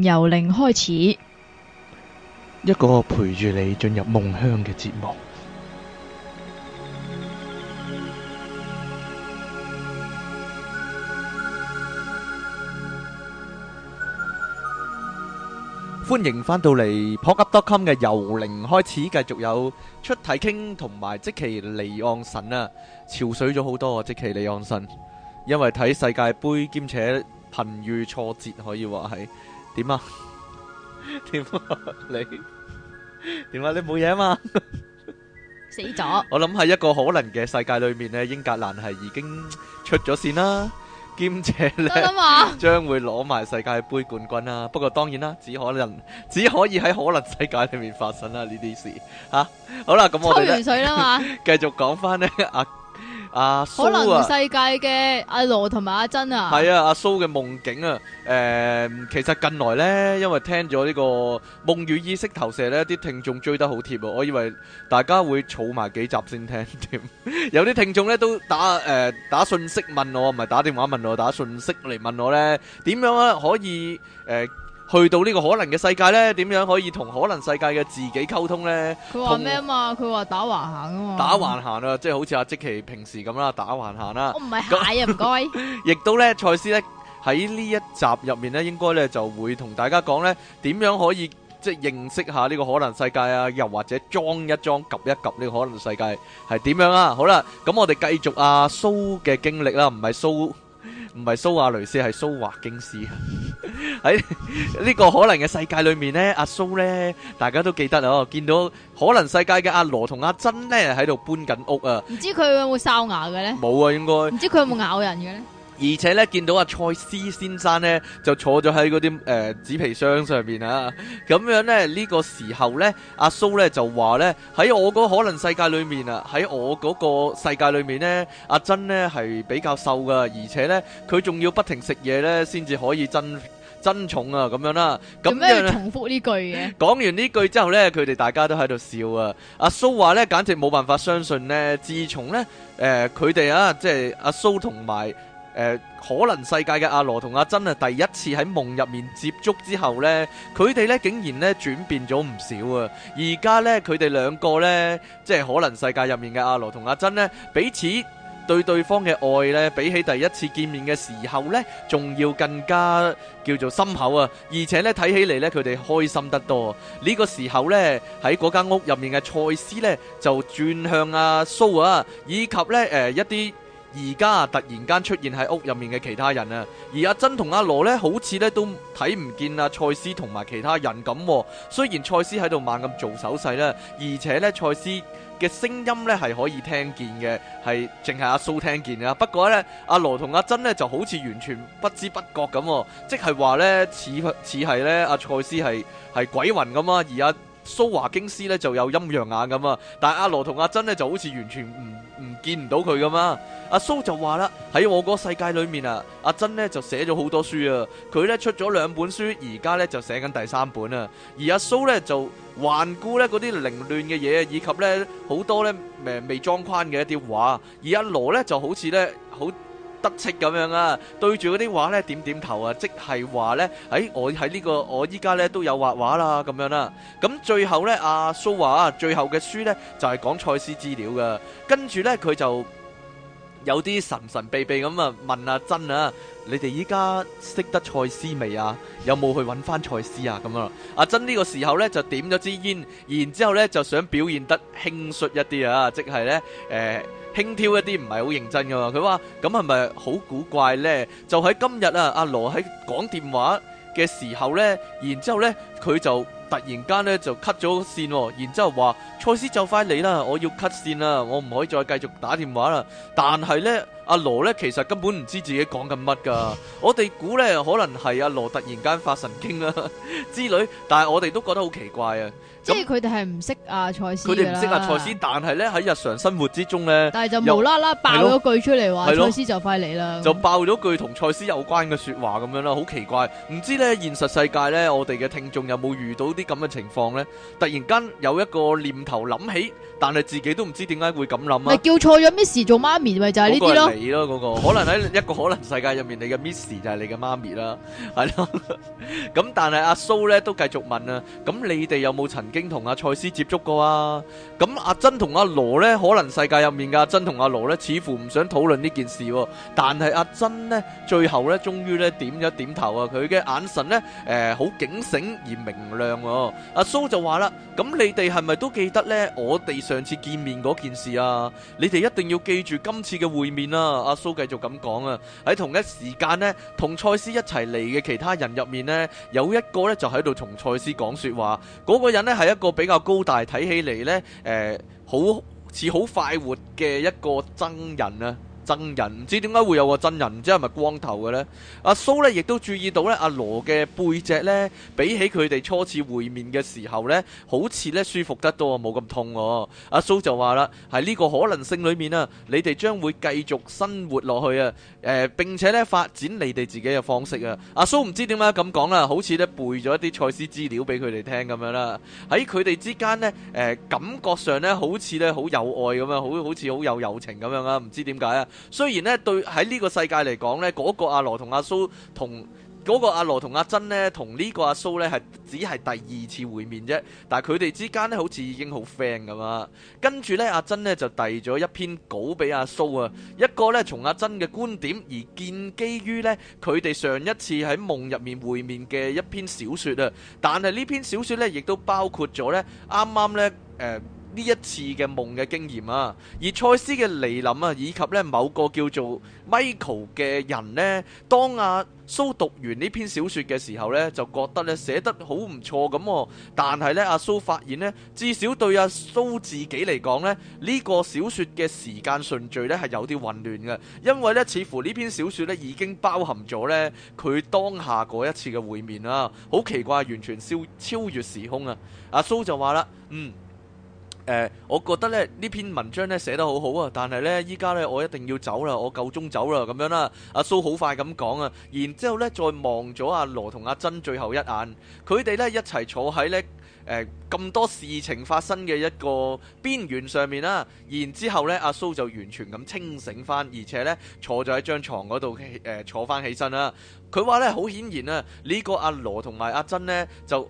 由零開始，一個陪住你進入夢鄉嘅節目。歡迎返到嚟 popdotcom 嘅由零開始，繼續有出體傾同埋即其離岸神啊，潮水咗好多，即其離岸神，因為睇世界杯兼且頻遇挫折，可以話係。點啊？點啊？你點啊？你冇嘢啊？嘛 死咗了。我諗係一個可能嘅世界裏面咧，英格蘭係已經出咗線啦，兼且咧將會攞埋世界杯冠軍啦。不過當然啦，只可能只可以喺可能世界裏面發生啦呢啲事吓，啊。好啦，咁我哋抽完水啦嘛，繼續講翻咧阿。啊阿蘇啊，可能世界嘅阿羅同埋阿珍啊，係啊，阿蘇嘅夢境啊，誒，其實近來咧，因為聽咗呢個夢與意識投射咧，啲聽眾追得好貼啊，我以為大家會儲埋幾集先聽添，有啲聽眾咧都打誒打信息問我，唔係打電話問我，打信息嚟問我咧，點樣啊可以誒？去到呢個可能嘅世界呢，點樣可以同可能世界嘅自己溝通呢？佢話咩啊嘛？佢話跟打橫行啊嘛？打橫行啊，即係好似阿即奇平時咁啦，打橫行啦，啊。我唔係蟹啊，唔該 煩。亦都呢，蔡思呢，喺呢一集入面呢，應該呢就會同大家講呢點樣可以即係認識下呢個可能世界啊？又或者裝一裝、及一及呢個可能世界係點樣啊？好啦，咁我哋繼續阿蘇嘅經歷啦，唔係蘇。唔係蘇亞雷斯，係蘇華京斯。喺呢個可能嘅世界裏面咧，阿蘇咧，大家都記得哦。見到可能世界嘅阿羅同阿珍咧，喺度搬緊屋啊！唔知佢有冇哨牙嘅咧？冇啊，應該。唔知佢有冇咬人嘅咧？而且咧，見到阿賽斯先生咧，就坐咗喺嗰啲誒紙皮箱上面。啊。咁樣咧，呢個時候咧，阿蘇咧就話咧喺我嗰可能世界裏面啊，喺我嗰個世界裏面咧，阿珍咧係比較瘦噶，而且咧佢仲要不停食嘢咧，先至可以增增重啊。咁樣啦，咁樣重複句呢句嘅講完呢句之後咧，佢哋大家都喺度笑啊。阿蘇話咧，簡直冇辦法相信咧。自從咧誒佢哋啊，即係阿蘇同埋。誒、呃，可能世界嘅阿羅同阿珍啊，第一次喺夢入面接觸之後呢，佢哋呢，竟然呢轉變咗唔少啊！而家呢，佢哋兩個呢，即係可能世界入面嘅阿羅同阿珍呢，彼此對對方嘅愛呢，比起第一次見面嘅時候呢，仲要更加叫做深厚啊！而且呢，睇起嚟呢，佢哋開心得多。呢、這個時候呢，喺嗰間屋入面嘅賽斯呢，就轉向阿蘇啊，以及呢誒、呃、一啲。而家啊，突然間出現喺屋入面嘅其他人啊，而阿珍同阿羅呢，好似呢都睇唔見阿賽斯同埋其他人咁。雖然賽斯喺度猛咁做手勢啦，而且呢賽斯嘅聲音呢係可以聽見嘅，係淨係阿蘇聽見啊。不過呢，阿羅同阿珍呢就好似完全不知不覺咁，即係話呢，似似係呢阿賽斯係係鬼魂咁啊，而阿。蘇華京師咧，就有陰陽眼咁啊，但係阿羅同阿珍咧，就好似完全唔唔見唔到佢咁啊。阿蘇就話啦，喺我個世界裏面啊，阿珍咧，就寫咗好多書啊，佢咧出咗兩本書，而家咧就寫緊第三本啊。而阿蘇咧，就環顧咧嗰啲凌亂嘅嘢，以及咧好多咧誒未裝框嘅一啲畫，而阿羅咧，就好似咧好。得戚咁樣啊，對住嗰啲畫咧點點頭啊，即係話呢，喺、哎、我喺呢、這個我依家，呢都有畫畫啦咁樣啦。咁最後呢，阿蘇華最後嘅書呢就係講蔡司資料噶，跟住呢，佢就有啲神神秘秘咁啊問阿珍啊，你哋依家識得蔡司未啊？有冇去揾翻蔡司啊？咁啊，阿珍呢個時候呢就點咗支煙，然之後呢就想表現得輕率一啲啊，即係呢。誒、呃。輕佻一啲唔係好認真噶嘛，佢話：咁係咪好古怪呢？就喺今日啊，阿羅喺講電話嘅時候呢，然之後呢，佢就突然間呢就 cut 咗線了，然之後話：賽斯就快嚟啦，我要 cut 線啦，我唔可以再繼續打電話啦。但係呢。阿羅咧，其實根本唔知自己講緊乜噶。我哋估咧，可能係阿羅突然間發神經啦之類。但係我哋都覺得好奇怪啊。即係佢哋係唔識阿賽斯嘅啦。佢哋唔識阿賽斯，但係咧喺日常生活之中咧，但係就無啦啦爆咗句出嚟話賽斯就快嚟啦。就爆咗句同賽斯有關嘅說話咁樣啦，好奇怪。唔知咧現實世界咧，我哋嘅聽眾有冇遇到啲咁嘅情況咧？突然間有一個念頭諗起，但係自己都唔知點解會咁諗啊？咪叫錯咗咩事做媽咪咪就係呢啲咯。你咯，嗰個可能喺一個可能世界入面，你嘅 Miss 就係你嘅媽咪啦，係咯。咁但係阿蘇咧都繼續問啊，咁你哋有冇曾經同阿賽斯接觸過啊？咁阿珍同阿羅咧，可能世界入面嘅阿珍同阿羅咧似乎唔想討論呢件事。但係阿珍咧最後咧，終於咧點咗點頭啊，佢嘅眼神咧誒好警醒而明亮。阿蘇就話啦，咁你哋係咪都記得咧？我哋上次見面嗰件事啊，你哋一定要記住今次嘅會面啊！阿蘇繼續咁講啊，喺同一時間呢，同賽斯一齊嚟嘅其他人入面呢，有一個呢就喺度同賽斯講說話，嗰、那個人呢，係一個比較高大，睇起嚟呢，誒、呃，好似好快活嘅一個僧人啊。真人唔知點解會有個真人，唔知係咪光頭嘅呢？阿蘇咧亦都注意到咧，阿羅嘅背脊咧，比起佢哋初次會面嘅時候咧，好似咧舒服得多，冇咁痛。阿蘇就話啦，喺呢個可能性裏面啊，你哋將會繼續生活落去啊，呃，並且咧發展你哋自己嘅方式啊。阿蘇唔知點解咁講啦，好似咧背咗一啲賽斯資料俾佢哋聽咁樣啦。喺佢哋之間咧，呃，感覺上咧，好似咧好有愛咁樣，好好似好有友情咁樣啊，唔知點解啊？雖然呢，對喺呢個世界嚟講呢，嗰個阿羅同阿蘇同嗰個阿羅同阿珍呢，同呢個阿蘇呢，係只係第二次會面啫。但係佢哋之間呢，好似已經好 friend 咁啦。跟住呢，阿珍呢，就遞咗一篇稿俾阿蘇啊，一個呢，從阿珍嘅觀點而建基於呢，佢哋上一次喺夢入面會面嘅一篇小説啊。但係呢篇小説呢，亦都包括咗呢啱啱呢。誒。呃呢一次嘅夢嘅經驗啊，而賽斯嘅嚟臨啊，以及呢某個叫做 Michael 嘅人呢，當阿、啊、蘇讀完呢篇小說嘅時候呢，就覺得呢寫得好唔錯咁哦。但係呢，阿、啊、蘇發現呢，至少對阿、啊、蘇自己嚟講呢，呢、這個小說嘅時間順序呢係有啲混亂嘅，因為呢似乎呢篇小說呢已經包含咗呢佢當下嗰一次嘅會面啦、啊，好奇怪，完全超超越時空啊！阿、啊、蘇就話啦，嗯。呃、我覺得咧呢篇文章咧寫得好好啊，但係咧依家咧我一定要走啦，我夠鐘走啦咁樣啦、啊。阿蘇好快咁講啊，然之後咧再望咗阿羅同阿珍最後一眼，佢哋咧一齊坐喺咧呃、咁多事情發生嘅一個邊緣上面啦、啊。然之後咧阿蘇就完全咁清醒翻，而且咧坐咗喺張床嗰度、呃、坐翻起身啦、啊。佢話咧好顯然啊，呢、這個阿羅同埋阿珍咧就。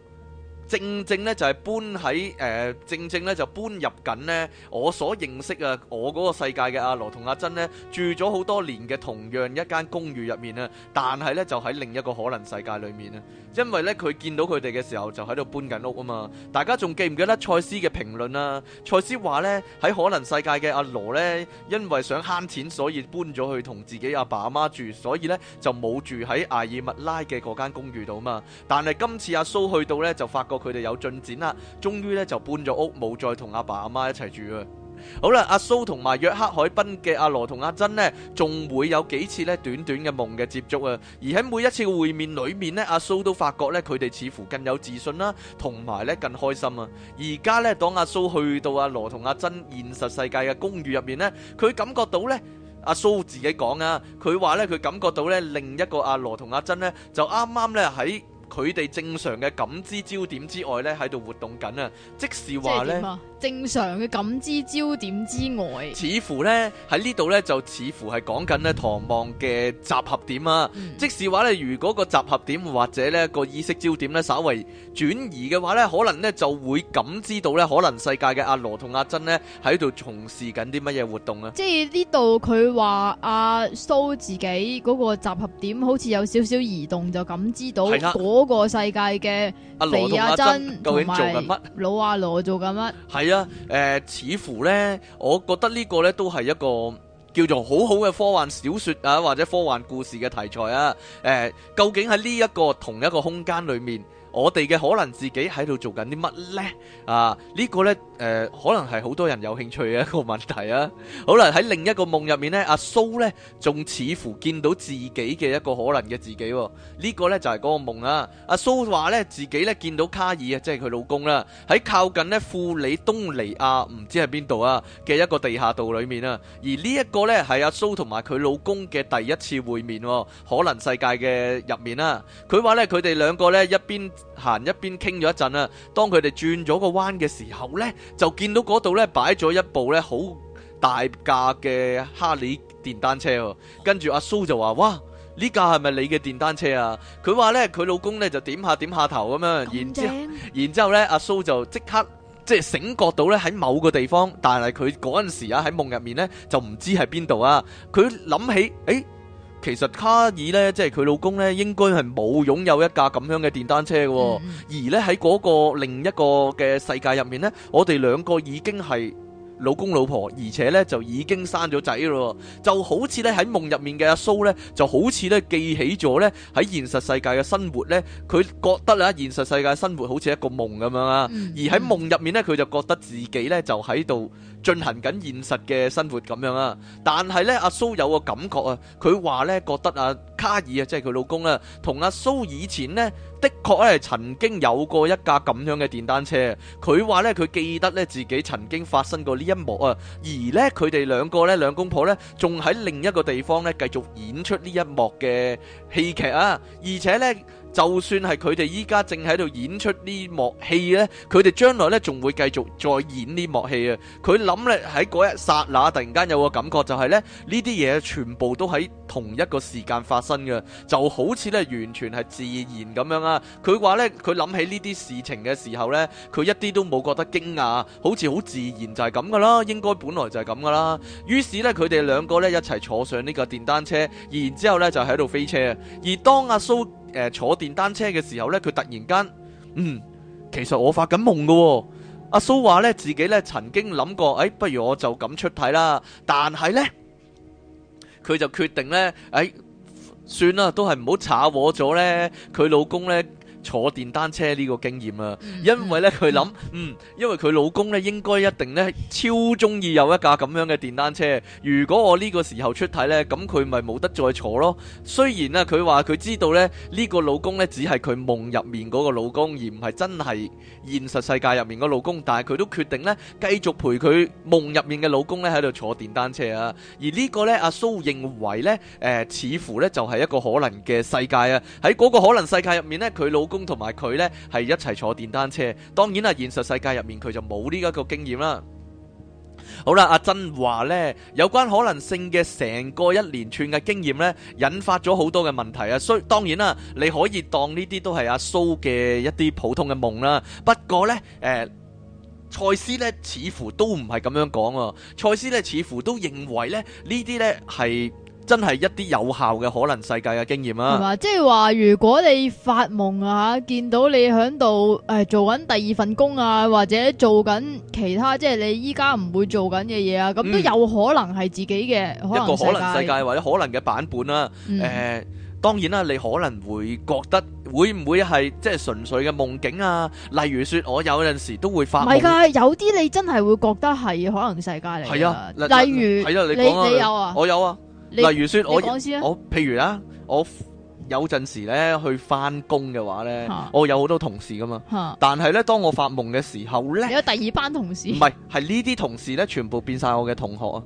正正咧就係搬喺、呃、正正咧就搬入緊咧我所認識啊我嗰個世界嘅阿羅同阿珍咧住咗好多年嘅同樣一間公寓入面啊，但係咧就喺另一個可能世界裏面啊，因為咧佢見到佢哋嘅時候就喺度搬緊屋啊嘛，大家仲記唔記得賽斯嘅評論啊？賽斯話咧喺可能世界嘅阿羅咧，因為想慳錢所以搬咗去同自己阿爸阿媽住，所以咧就冇住喺艾爾密拉嘅嗰間公寓度啊嘛。但係今次阿蘇去到咧就發覺。佢哋有進展啦，終於咧就搬咗屋，冇再同阿爸阿媽一齊住啊！好啦，阿蘇同埋約克海濱嘅阿羅同阿珍咧，仲會有幾次咧短短嘅夢嘅接觸啊！而喺每一次嘅會面裏面咧，阿蘇都發覺咧佢哋似乎更有自信啦，同埋咧更開心啊！而家咧當阿蘇去到阿羅同阿珍現實世界嘅公寓入面咧，佢感覺到咧阿蘇自己講啊，佢話咧佢感覺到咧另一個阿羅同阿珍咧就啱啱咧喺。佢哋正常嘅感知焦點之外咧，喺度活動緊啊，即係話咧。正常嘅感知焦點之外，似乎咧喺呢度咧，就似乎係講緊咧唐望嘅集合點啊！嗯、即使話咧，如果嗰個集合點或者咧個意識焦點咧稍微轉移嘅話咧，可能咧就會感知到咧可能世界嘅阿羅同阿珍咧喺度從事緊啲乜嘢活動啊！嗯、即係呢度佢話阿蘇自己嗰個集合點好似有少少移動，就感知到嗰個世界嘅的阿羅同阿珍究竟做緊乜？老阿羅做緊乜？啊呃，似乎呢，我覺得呢個呢都係一個叫做好好嘅科幻小說啊，或者科幻故事嘅題材啊。啊究竟喺呢一個同一個空間裏面，我哋嘅可能自己喺度做緊啲乜呢？啊，呢、呢個呢。誒、呃，可能係好多人有興趣嘅一個問題啊！好啦，喺另一個夢入面蘇呢，阿蘇呢仲似乎見到自己嘅一個可能嘅自己、啊，呢、這個呢就係、是、嗰個夢啊！阿蘇話呢，自己呢見到卡爾啊，即係佢老公啦，喺靠近呢富里東尼亞唔知係邊度啊嘅一個地下道裏面啊，而呢一個呢，係阿蘇同埋佢老公嘅第一次會面、啊，可能世界嘅入面啦、啊。佢話呢，佢哋兩個呢一邊行一邊傾咗一陣啦，當佢哋轉咗個彎嘅時候呢。就見到嗰度咧擺咗一部咧好大架嘅哈利電單車，跟住阿蘇就話：哇！呢架係咪你嘅電單車啊？佢話咧，佢老公咧就點下點下頭咁樣，然之後，然之後咧，阿蘇就即刻即係、就是、醒覺到咧喺某個地方，但係佢嗰陣時啊喺夢入面咧就唔知喺邊度啊！佢諗起，誒其實卡爾咧，即係佢老公咧，應該係冇擁有一架咁樣嘅電單車嘅。而咧喺嗰個另一個嘅世界入面咧，我哋兩個已經係老公老婆，而且咧就已經生咗仔咯。就好似咧喺夢入面嘅阿蘇咧，就好似咧記起咗咧喺現實世界嘅生活咧，佢覺得啦現實世界生活好似一個夢咁樣啊。而喺夢入面咧，佢就覺得自己咧就喺度。進行緊現實嘅生活咁樣啊，但係呢，阿蘇有個感覺啊，佢話呢覺得阿卡爾啊，即係佢老公啊，同阿蘇以前呢，的確咧係曾經有過一架咁樣嘅電單車。佢話呢，佢記得呢自己曾經發生過呢一幕啊，而呢，佢哋兩個呢兩公婆呢，仲喺另一個地方呢繼續演出呢一幕嘅戲劇啊，而且呢。就算係佢哋依家正喺度演出呢幕戲呢，佢哋將來呢仲會繼續再演呢幕戲啊！佢諗咧喺嗰一剎那突然間有個感覺、就是，就係呢呢啲嘢全部都喺同一個時間發生嘅，就好似呢完全係自然咁樣啊！佢話呢，佢諗起呢啲事情嘅時候呢，佢一啲都冇覺得驚訝，好似好自然就係咁噶啦，應該本來就係咁噶啦。於是呢，佢哋兩個呢一齊坐上呢個電單車，然之後呢就喺度飛車。而當阿蘇。誒，坐電單車嘅時候呢，佢突然間，嗯，其實我發緊夢噶。阿蘇話咧，自己咧曾經諗過，誒、哎，不如我就咁出體啦。但係呢，佢就決定呢，誒、哎，算啦，都係唔好炒我咗咧，佢老公呢坐電單車呢個經驗啊，因為咧佢諗，嗯，因為佢老公咧應該一定咧超中意有一架咁樣嘅電單車，如果我呢個時候出睇咧，咁佢咪冇得再坐咯。雖然啊，佢話佢知道咧呢個老公咧只係佢夢入面個老公，而唔係真係現實世界入面個老公，但係佢都決定咧繼續陪佢夢入面嘅老公咧喺度坐電單車啊。而呢個咧阿蘇認為咧，誒、呃，似乎咧就係一個可能嘅世界啊。喺個可能世界入面咧，佢老。工同埋佢咧係一齊坐電單車，當然啦，現實世界入面佢就冇呢一個經驗啦。好啦，阿珍話咧有關可能性嘅成個一連串嘅經驗咧，引發咗好多嘅問題啊。所以當然啦，你可以當呢啲都係阿蘇嘅一啲普通嘅夢啦。不過咧，誒，賽斯咧似乎都唔係咁樣講喎。賽斯咧似乎都認為咧呢啲咧係真係一啲有效嘅可能世界嘅經驗啊！係嘛，即係話如果你發夢啊，見到你喺度誒做緊第二份工啊，或者做緊其他即係你依家唔會做緊嘅嘢啊，咁都有可能係自己嘅一個可能世界或者可能嘅版本啦。誒，當然啦，你可能會覺得會唔會係即係純粹嘅夢境啊？例如說，我有陣時都會發夢，有啲你真係會覺得係可能世界嚟。係啊，例如係啊，你你有啊，我有啊。例如說，我我譬如啦，我有陣時咧去翻工嘅話咧，我有好多同事噶嘛。但係咧，當我發夢嘅時候咧，有第二班同事，唔係，係呢啲同事咧，全部變晒我嘅同學啊。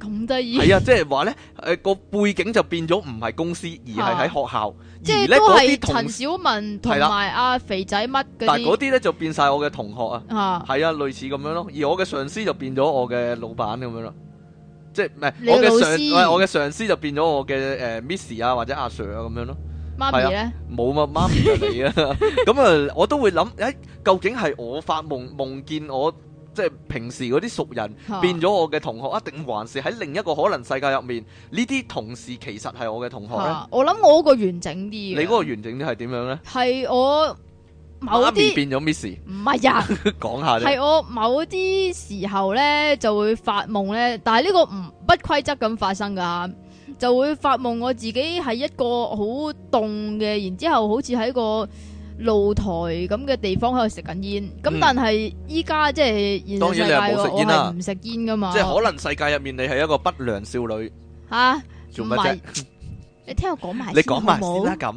咁得意？係啊，即係話咧，誒個背景就變咗唔係公司，而係喺學校。即係都係陳小文同埋阿肥仔乜嘅，但係嗰啲咧就變晒我嘅同學啊。係啊，類似咁樣咯。而我嘅上司就變咗我嘅老闆咁樣咯。即係唔係我嘅上我嘅上司就變咗我嘅誒 Miss 啊或者阿 Sir 啊咁樣咯，媽咪咧冇啊，媽咪就係你啊。咁啊我都會諗誒、哎、究竟係我發夢夢見我即係平時嗰啲熟人變咗我嘅同學，一定、啊、還是喺另一個可能世界入面呢啲同事其實係我嘅同學、啊、我諗我嗰個完整啲你嗰個完整啲係點樣咧？係我。某啲變咗 miss？唔係呀，講下咧。係我某啲時候咧就會發夢咧，但係呢個唔不規則咁發生噶吓，就會發夢我自己係一個好凍嘅，然之後好似喺個露台咁嘅地方喺度食緊煙。咁但係依家，即係現實世界，我係唔食煙噶嘛。即係可能世界入面你係一個不良少女。吓，做乜啫？你聽我講埋，你講埋先啦咁。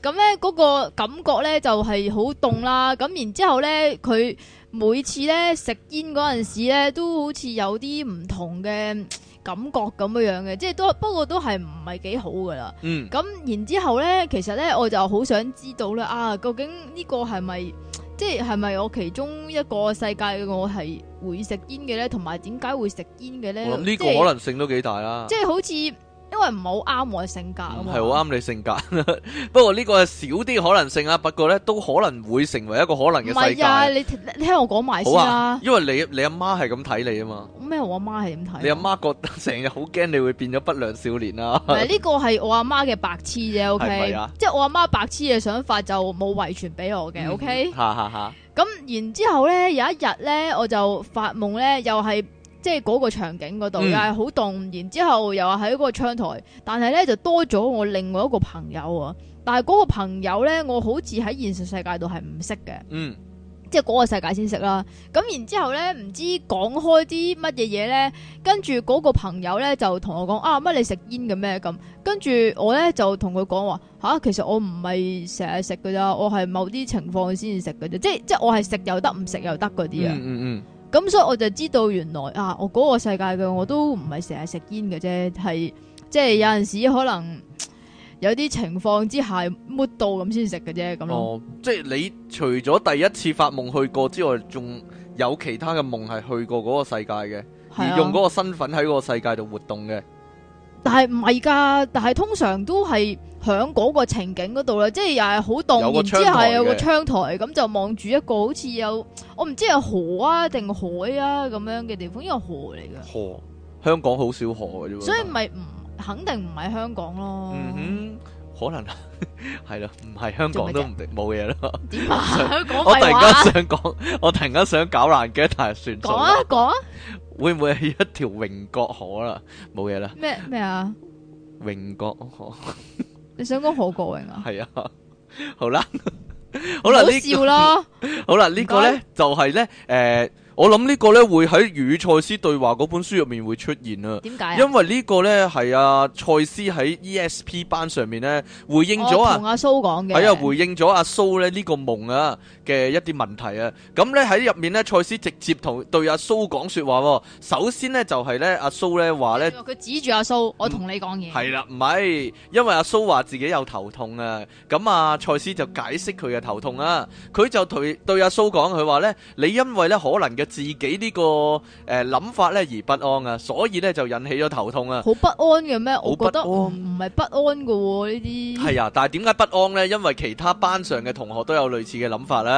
咁咧嗰個感覺咧就係好凍啦，咁然之後咧佢每次咧食煙嗰陣時咧都好似有啲唔同嘅感覺咁樣樣嘅，即係都不過都係唔係幾好噶啦。嗯，咁然之後咧，其實咧我就好想知道咧啊，究竟呢個係咪即係係咪我其中一個世界嘅我係會食煙嘅咧，同埋點解會食煙嘅咧？呢個可能性都幾大啦，即係好似。因為唔係好啱我嘅性格，咁係好啱你性格 不性。不過呢個係少啲可能性啊，不過咧都可能會成為一個可能嘅世界。唔係啊，你聽你聽我講埋先啊，啊。因為你你阿媽係咁睇你啊嘛。咩？我阿媽係點睇？你阿媽覺得成日好驚你會變咗不良少年啊？唔係，呢個係我阿媽嘅白痴啫，OK？是是、啊、即係我阿媽白痴嘅想法就冇遺傳俾我嘅、嗯，OK？吓吓吓！咁然之後咧，有一日咧，我就發夢咧，又係。即係嗰個場景嗰度又係好凍，然之後又話喺嗰個窗台，但係咧就多咗我另外一個朋友啊，但係嗰個朋友咧我好似喺現實世界度係唔識嘅，嗯，即係嗰個世界先識啦。咁然之後咧唔知講開啲乜嘢嘢咧，跟住嗰個朋友咧就同我講啊，乜你食煙嘅咩咁，跟住我咧就同佢講話吓，其實我唔係成日食噶咋，我係某啲情況先食噶啫，即係即係我係食又得唔食又得嗰啲啊。嗯，嗯。咁所以我就知道，原來啊，我嗰個世界嘅我都唔係成日食煙嘅啫，係即係有陣時可能有啲情況之下，抹到咁先食嘅啫咁咯。哦，即係你除咗第一次發夢去過之外，仲有其他嘅夢係去過嗰個世界嘅，係啊，而用嗰個身份喺嗰個世界度活動嘅。但係唔係㗎，但係通常都係。喺嗰個情景嗰度咧，即係又係好凍然，之係有個窗台，咁就望住一個好似有我唔知係河啊定海啊咁樣嘅地方，應該係河嚟嘅。河，香港好少河嘅啫。所以咪唔肯定唔係香港咯。嗯哼，可能係咯，唔係香港都唔冇嘢咯。點啊？講廢話。我突然間想講，我突然間想搞爛嘅，但係算數。講啊講啊，會唔會係一條榮角河啦？冇嘢啦。咩咩啊？榮角河。你想講好過癮啊？係 啊，好啦，好啦，呢笑咯、這個，好啦，這個、呢個咧謝就係咧，誒、呃，我諗呢個咧會喺與賽斯對話嗰本書入面會出現為什麼啊。點解？因為這個呢個咧係啊賽斯喺 E S P 班上面咧回應咗啊，同阿蘇講嘅，係啊，回應咗阿蘇咧呢、這個夢啊。嘅一啲問題啊，咁咧喺入面咧，賽斯直接同對阿蘇講説話、啊。首先咧就係、是、咧，阿蘇咧話咧，佢指住阿蘇，嗯、我同你講嘢。係啦，唔係，因為阿蘇話自己有頭痛啊。咁啊，賽斯就解釋佢嘅頭痛啊。佢就同對，對阿蘇講，佢話咧，你因為咧可能嘅自己、這個呃、呢個誒諗法咧而不安啊，所以咧就引起咗頭痛啊。好不安嘅咩？我覺得唔係不安喎，呢啲、啊。係啊，但係點解不安咧？因為其他班上嘅同學都有類似嘅諗法咧、啊。.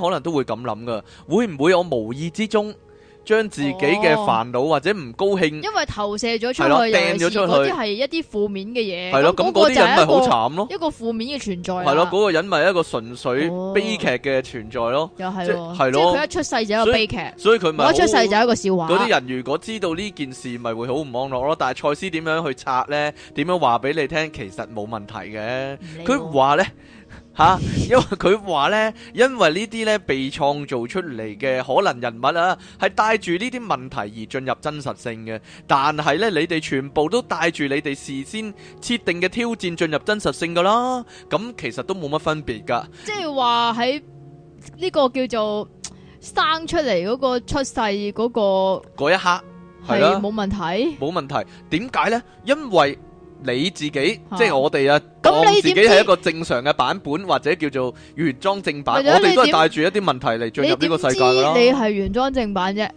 可能都會咁諗噶，會唔會我無意之中將自己嘅煩惱或者唔高興，哦、因為投射咗出去，掟咗出去，啲係一啲負面嘅嘢。係的咯，咁嗰個，啊那個人咪好慘咯，一個負面嘅存在。係咯，嗰個人咪一個純粹悲劇嘅存在咯。又係、哦，係咯、就是，佢一出世就一個悲劇，所以所以佢咪一出世就一個笑話。嗰啲人如果知道呢件事，咪會好唔安樂咯。但係賽斯點樣去拆咧？點樣話俾你聽？其實冇問題嘅。佢話咧。吓，因為佢話咧，因為呢啲咧被創造出嚟嘅可能人物啊，係帶住呢啲問題而進入真實性嘅。但係咧，你哋全部都帶住你哋事先設定嘅挑戰進入真實性噶啦，咁其實都冇乜分別噶。即係話喺呢個叫做生出嚟嗰個出世嗰個嗰一刻，係冇、啊、問題，冇問題。點解咧？因為你自己即係我哋啊，咁、啊、自己係一個正常嘅版本，或者叫做原裝正版。我哋都係帶住一啲問題嚟進入呢個世界嘅咯。你係原裝正版啫。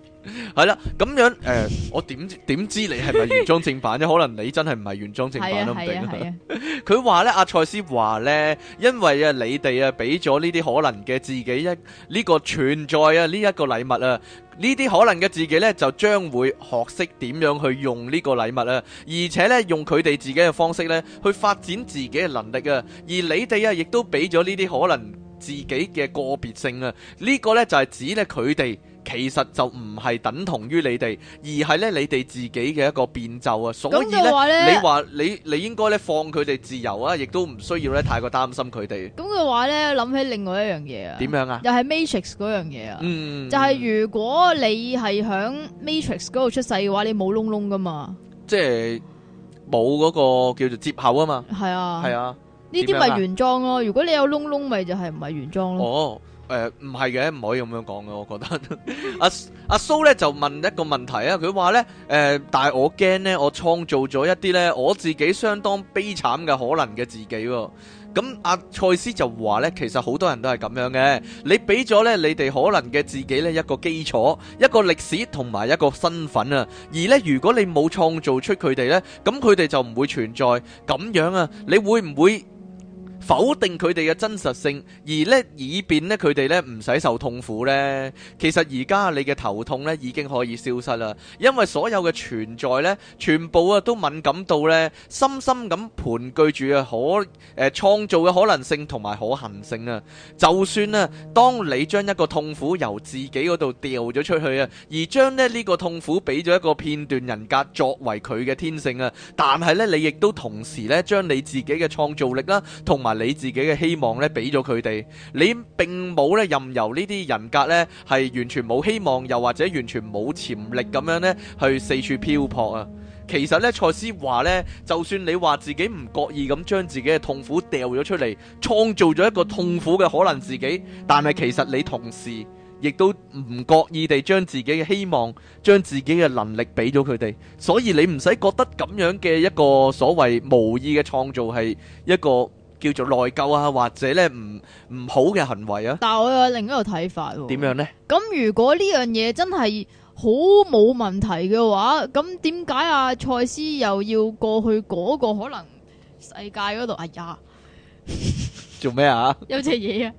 係啦，咁樣誒、呃，我點點知你係咪原裝正版啫？ 可能你真係唔係原裝正版都唔定。佢話呢，阿賽斯話呢，因為啊，你哋啊，俾咗呢啲可能嘅自己一呢個存在啊，呢、這、一個禮物啊，呢啲可能嘅自己呢，就將會學識點樣去用呢個禮物啊，而且呢，用佢哋自己嘅方式呢，去發展自己嘅能力啊。而你哋啊，亦都俾咗呢啲可能自己嘅個別性啊，呢、這個呢，就係、是、指呢，佢哋。其實就唔係等同於你哋，而係咧你哋自己嘅一個變奏啊！所以咧，你話你你應該咧放佢哋自由啊，亦都唔需要咧太過擔心佢哋。咁嘅話咧，諗起另外一樣嘢啊，點樣啊？又係 Matrix 嗰樣嘢啊？嗯，就係如果你係響 Matrix 嗰度出世嘅話，你冇窿窿噶嘛？即係冇嗰個叫做接口啊嘛？係啊，係啊，呢啲咪原裝咯。如果你有窿窿，咪就係唔係原裝咯？哦。誒，唔係嘅，唔可以咁樣講嘅，我覺得。阿阿蘇咧就問一個問題啊，佢話咧，誒、呃，但係我驚咧，我創造咗一啲咧，我自己相當悲慘嘅可能嘅自己，啊。咁阿賽斯就話咧，其實好多人都係咁樣嘅。你俾咗咧，你哋可能嘅自己咧一個基礎，一個歷史同埋一個身份啊。而咧，如果你冇創造出佢哋咧，咁佢哋就唔會存在。咁樣啊，你會唔會？否定佢哋嘅真實性，而咧以便咧佢哋咧唔使受痛苦咧。其實而家你嘅頭痛咧已經可以消失啦，因為所有嘅存在咧，全部啊都敏感到咧，深深咁盤踞住啊可誒創造嘅可能性同埋可行性啊。就算啊當你將一個痛苦由自己嗰度掉咗出去啊，而將咧呢個痛苦俾咗一個片段人格作為佢嘅天性啊，但係咧你亦都同時咧將你自己嘅創造力啦同埋。你自己嘅希望咧，俾咗佢哋，你並冇咧任由呢啲人格咧係完全冇希望，又或者完全冇潛力咁樣咧去四處漂泊啊！其實咧，蔡思話咧，就算你話自己唔覺意咁將自己嘅痛苦掉咗出嚟，創造咗一個痛苦嘅可能自己，但係其實你同時亦都唔覺意地將自己嘅希望、將自己嘅能力俾咗佢哋，所以你唔使覺得咁樣嘅一個所謂無意嘅創造係一個。叫做內疚啊，或者咧唔唔好嘅行為啊。但係我有另一個睇法喎。點樣咧？咁如果呢樣嘢真係好冇問題嘅話，咁點解阿賽斯又要過去嗰個可能世界嗰度？哎呀，做咩啊？有隻嘢啊？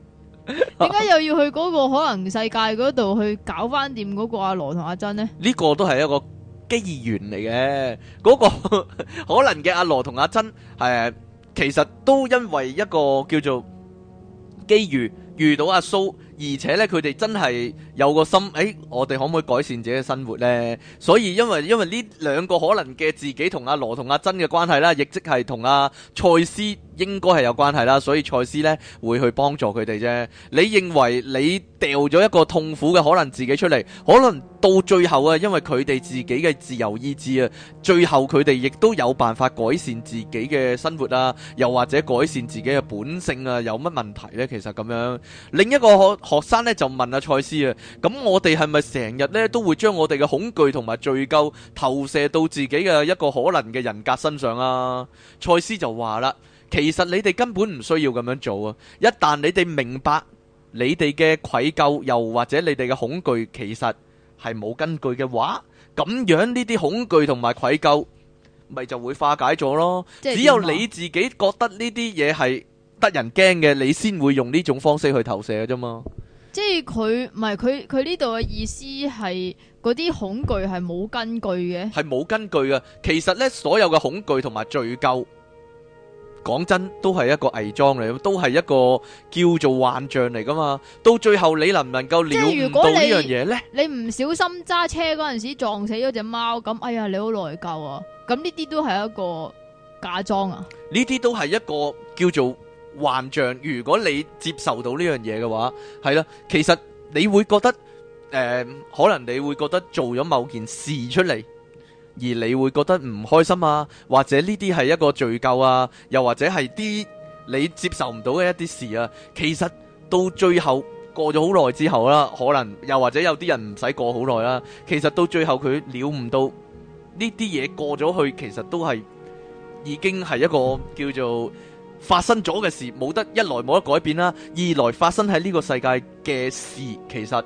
點解又要去嗰個可能世界嗰度去搞翻掂嗰個阿羅同阿珍咧？呢個都係一個機緣嚟嘅。嗰個可能嘅阿羅同阿珍係。其實都因為一個叫做機遇遇到阿蘇，而且呢，佢哋真係有個心，誒、哎，我哋可唔可以改善自己嘅生活呢？所以因為因為呢兩個可能嘅自己同阿羅同阿珍嘅關係啦，亦即係同阿賽斯。應該係有關係啦，所以賽斯呢會去幫助佢哋啫。你認為你掉咗一個痛苦嘅可能自己出嚟，可能到最後啊，因為佢哋自己嘅自由意志啊，最後佢哋亦都有辦法改善自己嘅生活啊，又或者改善自己嘅本性啊，有乜問題呢？其實咁樣，另一個學，學生呢就問阿、啊、賽斯啊，咁我哋係咪成日呢都會將我哋嘅恐懼同埋罪疚投射到自己嘅一個可能嘅人格身上啊？賽斯就話啦。其實你哋根本唔需要咁樣做啊！一旦你哋明白你哋嘅愧疚，又或者你哋嘅恐懼，其實係冇根據嘅話，咁樣呢啲恐懼同埋愧疚，咪就會化解咗咯。只有你自己覺得呢啲嘢係得人驚嘅，你先會用呢種方式去投射嘅啫嘛。即係佢唔係佢，佢呢度嘅意思係嗰啲恐懼係冇根據嘅，係冇根據啊。其實呢，所有嘅恐懼同埋罪疚。講真，都係一個偽裝嚟，都係一個叫做幻象嚟噶嘛。到最後你能唔能夠了解到呢樣嘢？呢？你唔小心揸車嗰陣時撞死咗隻貓，咁哎呀你好內疚啊！咁呢啲都係一個假裝啊？呢啲都係一個叫做幻象。如果你接受到呢樣嘢嘅話，係啦，其實你會覺得誒，可能你會覺得做咗某件事出嚟。而你會覺得唔開心啊，或者呢啲係一個罪疚啊，又或者係啲你接受唔到嘅一啲事啊。其實到最後過咗好耐之後啦、啊，可能又或者有啲人唔使過好耐啦。其實到最後佢了唔到呢啲嘢過咗去，其實都係已經係一個叫做發生咗嘅事，冇得一來冇得改變啦、啊，二來發生喺呢個世界嘅事，其實。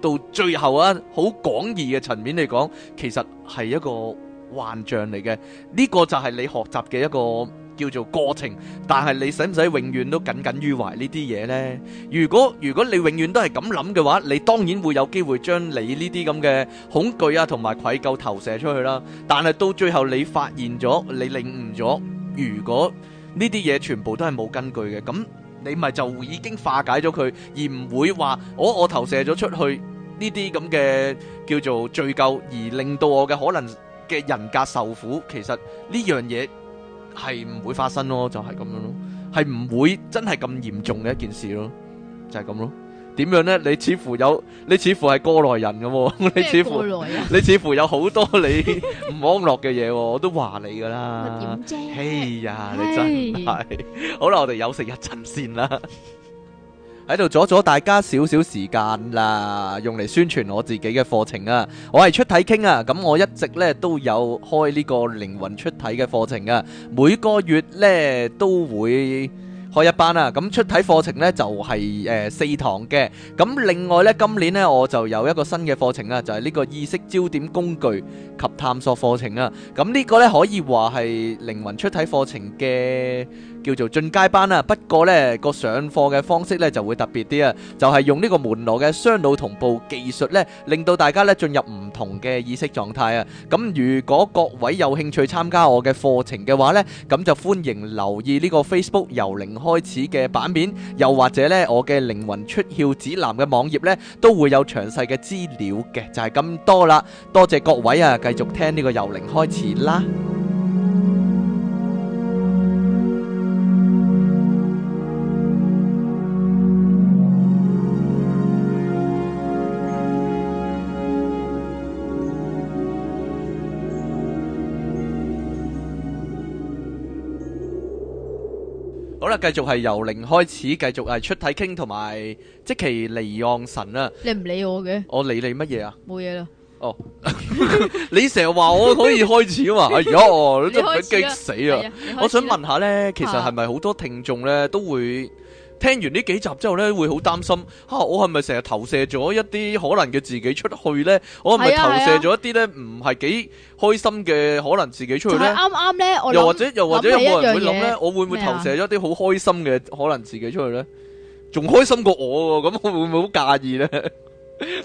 到最後啊，好廣義嘅層面嚟講，其實係一個幻象嚟嘅。呢個就係你學習嘅一個叫做過程。但係你使唔使永遠都耿耿於懷呢啲嘢呢？如果如果你永遠都係咁諗嘅話，你當然會有機會將你呢啲咁嘅恐懼啊同埋愧疚投射出去啦。但係到最後你發現咗，你領悟咗，如果呢啲嘢全部都係冇根據嘅，咁。你咪就已經化解咗佢，而唔會話哦，我投射咗出去呢啲咁嘅叫做罪咎，而令到我嘅可能嘅人格受苦。其實呢樣嘢係唔會發生咯，就係咁樣咯，係唔會真係咁嚴重嘅一件事咯，就係咁咯。點樣呢？你似乎有，你似乎係過來人咁、哦，你似乎、啊、 你似乎有好多你唔安樂嘅嘢，我都話你噶啦。點啫？哎呀、hey 啊，Hey 你真係好啦，我哋休息一陣先啦。喺 度阻咗大家少少時間啦，用嚟宣傳我自己嘅課程啊！我係出體傾啊，咁我一直咧都有開呢個靈魂出體嘅課程啊，每個月咧都會。嗯一班啦，咁出體課程呢，就係、是、誒、呃、四堂嘅，咁另外呢，今年呢，我就有一個新嘅課程啊，就係、是、呢個意識焦點工具及探索課程啊，咁呢個呢，可以話係靈魂出體課程嘅。叫做進階班啦，不過呢個上課嘅方式呢，就會特別啲啊，就係用呢個門羅嘅雙腦同步技術呢，令到大家呢進入唔同嘅意識狀態啊。咁如果各位有興趣參加我嘅課程嘅話呢，咁就歡迎留意呢個 Facebook 由零開始嘅版面，又或者呢我嘅靈魂出竅指南嘅網頁呢，都會有詳細嘅資料嘅，就係咁多啦。多謝各位啊，繼續聽呢個由零開始啦。繼續係由零開始，繼續係出體傾同埋即其離岸神啊。你唔理我嘅，我理你乜嘢啊？冇嘢啦。哦，你成日話我可以開始啊嘛？哎呀，你真係激死啊！我想問一下咧，是其實係咪好多聽眾咧都會？聽完呢幾集之後呢，會好擔心，吓、啊、我係咪成日投射咗一啲可能嘅自己出去呢？我係咪投射咗一啲呢，唔係幾開心嘅可能自己出去呢？啱啱、啊啊就是、呢？我又或者又或者有冇人會諗呢？我會唔會投射咗啲好開心嘅可能自己出去呢？仲、啊啊、開心過我，咁我會唔會好介意呢？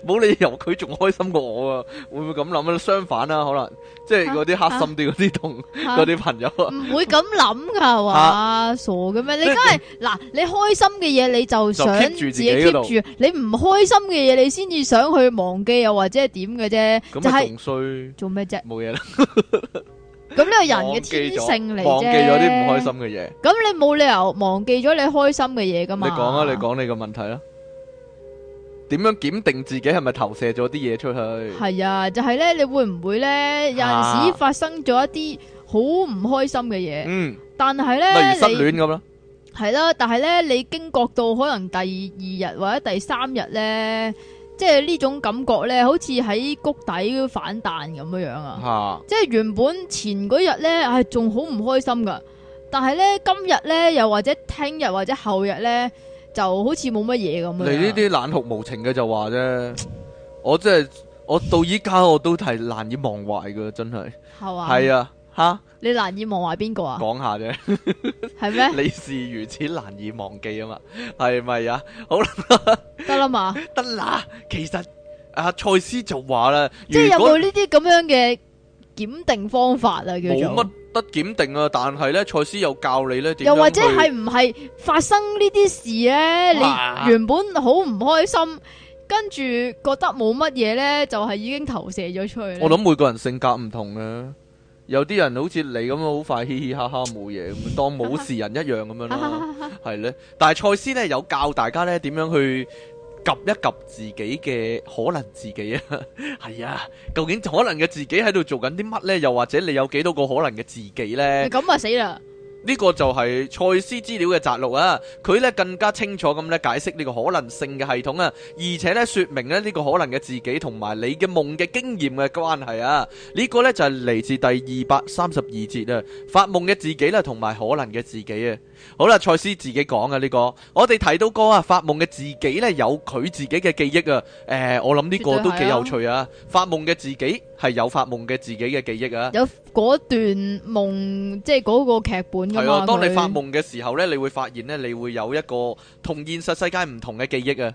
冇理由佢仲開心過我啊，會唔會咁諗啊？相反啦，可能即係嗰啲黑心啲嗰啲同嗰啲朋友，唔會咁諗噶係嘛？傻嘅咩？你梗係嗱，你開心嘅嘢你就想自己 keep 住，你唔開心嘅嘢你先至想去忘記又或者係點嘅啫，就係仲衰做咩啫？冇嘢啦。咁呢個人嘅天性嚟，忘記咗啲唔開心嘅嘢。咁你冇理由忘記咗你開心嘅嘢噶嘛？你講啊，你講你個問題啦。點樣檢定自己係咪投射咗啲嘢出去？係啊，就係、是、咧，你會唔會咧？有陣時發生咗一啲好唔開心嘅嘢。嗯，但係咧，例如失戀咁咯，係啦、啊。但係咧，你驚覺到可能第二日或者第三日咧，即係呢種感覺咧，好似喺谷底反彈咁樣樣啊。吓，即係原本前嗰日咧，唉，仲好唔開心噶但係咧，今日咧，又或者聽日或者後日咧。就好似冇乜嘢咁樣，你呢啲冷酷無情嘅就話啫，我真係我到依家我都係難以忘懷㗎。真係係嗎啊吓，你難以忘懷邊個啊？講下啫，係 咩嗎？你是如此難以忘記啊嘛？係 咪啊？好啦，得啦嘛，得啦。其實阿、啊、蔡思就話啦，即係有冇呢啲咁樣嘅？檢定方法啊，叫做冇乜得檢定啊，但係咧，蔡司又教你咧點，又或者係唔係發生呢啲事咧，啊？啊、你原本好唔開心，跟住覺得冇乜嘢咧，就係、是、已經投射咗出去。我諗每個人性格唔同啊，有啲人好似你咁樣，好快嘻嘻哈哈冇嘢，當冇事人一樣咁樣咯，係咧。 但係蔡司咧有教大家咧點樣去。及一及自己嘅可能自己啊，係 啊，究竟可能嘅自己喺度做緊啲乜呢？又或者你有幾多個可能嘅自己呢？咁啊死啦！呢個就係賽斯資料嘅摘錄啊，佢呢更加清楚咁咧解釋呢個可能性嘅系統啊，而且咧說明呢個可能嘅自己同埋你嘅夢嘅經驗嘅關係啊，呢、這個呢就係嚟自第二百三十二節啊，發夢嘅自己啦，同埋可能嘅自己啊。好啦，蔡思自己講啊、這個，呢個我哋睇到過啊，發夢嘅自己呢有佢自己嘅記憶啊。誒、呃，我諗呢個都幾有趣啊。啊發夢嘅自己係有發夢嘅自己嘅記憶啊。有嗰段夢，即係嗰個劇本係、啊、當你發夢嘅時候呢，他你會發現呢，你會有一個同現實世界唔同嘅記憶啊。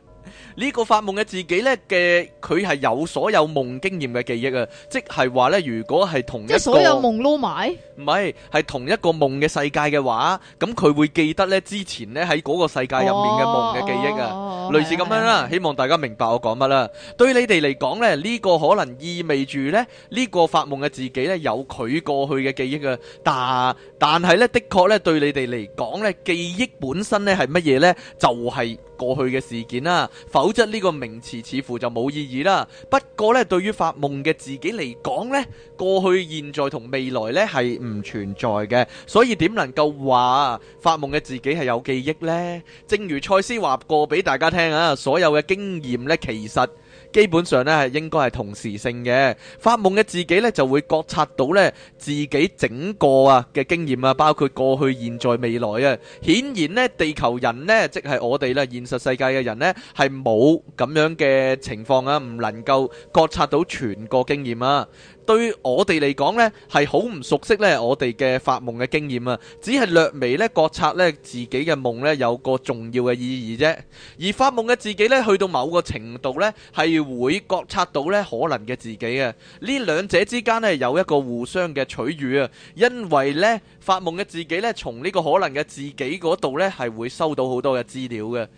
呢個發夢嘅自己呢嘅佢係有所有夢經驗嘅記憶啊，即係話咧，如果係同一個，即係所有夢撈埋，唔係係同一個夢嘅世界嘅話，咁佢會記得咧之前咧喺嗰個世界入面嘅夢嘅記憶啊，哦哦哦、類似咁樣啦，希望大家明白我講乜啦。對你哋嚟講呢呢、呢個可能意味住呢呢、呢個發夢嘅自己呢有佢過去嘅記憶啊，但但係咧的確咧對你哋嚟講呢記憶本身咧係乜嘢咧就係、是。過去嘅事件啦，否則呢個名詞似乎就冇意義啦。不過呢，對於發夢嘅自己嚟講呢，過去、現在同未來呢係唔存在嘅，所以點能夠話發夢嘅自己係有記憶呢？正如賽斯話過俾大家聽啊，所有嘅經驗呢，其實。基本上咧，應該係同時性嘅。發夢嘅自己咧，就會覺察到咧自己整個啊嘅經驗啊，包括過去、現在、未來啊。顯然呢，地球人呢，即係我哋啦，現實世界嘅人咧，係冇咁樣嘅情況啊，唔能夠覺察到全個經驗啊。對於我哋嚟講呢，係好唔熟悉呢。我哋嘅發夢嘅經驗啊，只係略微呢，覺察呢自己嘅夢呢有個重要嘅意義啫。而發夢嘅自己呢，去到某個程度呢，係會覺察到呢可能嘅自己啊。呢兩者之間呢，有一個互相嘅取予啊，因為呢發夢嘅自己呢，從呢個可能嘅自己嗰度呢，係會收到好多嘅資料嘅。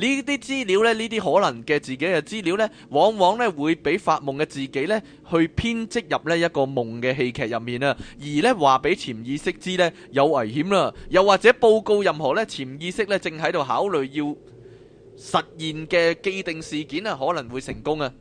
呢啲資料呢，呢啲可能嘅自己嘅資料呢，往往呢會俾發夢嘅自己呢去編織入呢一個夢嘅戲劇入面啊，而呢話俾潛意識知呢，有危險啦，又或者報告任何呢潛意識呢正喺度考慮要實現嘅既定事件啊，可能會成功啊。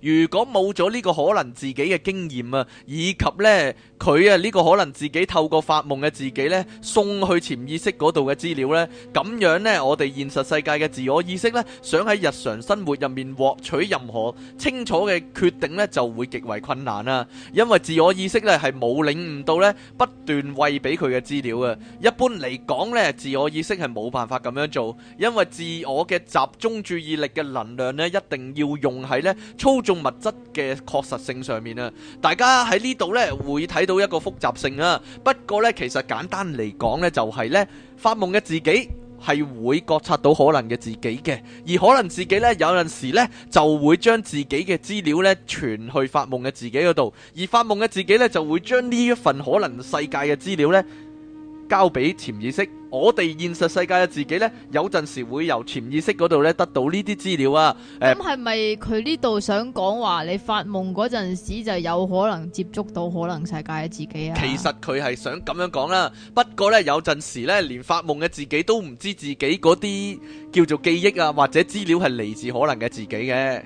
如果冇咗呢個可能自己嘅經驗啊，以及呢……佢啊呢個可能自己透過發夢嘅自己呢，送去潛意識嗰度嘅資料呢。咁樣呢，我哋現實世界嘅自我意識呢，想喺日常生活入面獲取任何清楚嘅決定呢，就會極為困難啊！因為自我意識呢，係冇領悟到呢，不斷餵俾佢嘅資料啊！一般嚟講呢，自我意識係冇辦法咁樣做，因為自我嘅集中注意力嘅能量呢，一定要用喺呢操縱物質嘅確實性上面啊！大家喺呢度呢，會睇。到一個複雜性啊，不過呢，其實簡單嚟講呢，就係呢發夢嘅自己係會覺察到可能嘅自己嘅，而可能自己呢，有陣時呢就會將自己嘅資料呢傳去發夢嘅自己嗰度，而發夢嘅自己呢就會將呢一份可能世界嘅資料呢。交俾潛意識，我哋現實世界嘅自己呢，有陣時會由潛意識嗰度呢得到呢啲資料啊。咁係咪佢呢度想講話你發夢嗰陣時就有可能接觸到可能世界嘅自己啊？其實佢係想咁樣講啦，不過呢，有陣時呢，連發夢嘅自己都唔知自己嗰啲叫做記憶啊或者資料係嚟自可能嘅自己嘅。